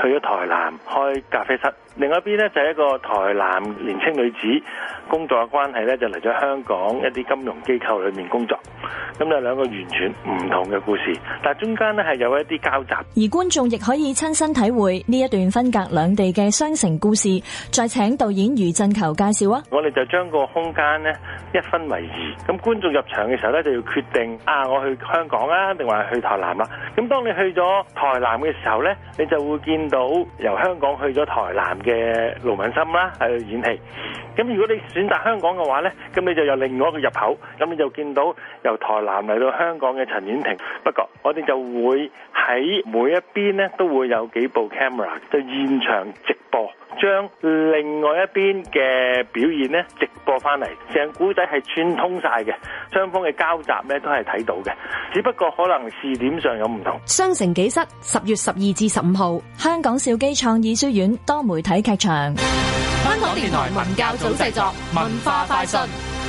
去咗台南開咖啡室，另外一邊呢，就係一個台南年輕女子工作嘅關係呢，就嚟咗香港一啲金融機構裏面工作，咁就兩個完全唔同嘅故事。但係中間呢係有一啲交集。而觀眾亦可以親身體會呢一段分隔兩地嘅雙城故事。再請導演余振球介紹啊！我哋就將個空間呢一分為二，咁觀眾入場嘅時候呢，就要決定啊，我去香港啊，定話去台南啊。咁當你去咗台南嘅時候呢，你就。會見到由香港去咗台南嘅盧敏森啦，喺度演戲。咁如果你選擇香港嘅話呢，咁你就有另外一個入口。咁你就見到由台南嚟到香港嘅陳婉婷。不過我哋就會喺每一邊呢都會有幾部 camera，就現場直播。將另外一邊嘅表演呢直播翻嚟，成故仔係串通晒嘅，雙方嘅交集呢都係睇到嘅，只不過可能視點上有唔同。雙城記室，十月十二至十五號，香港兆基創意書院多媒體劇場，香港電台文教組製作，文化快訊。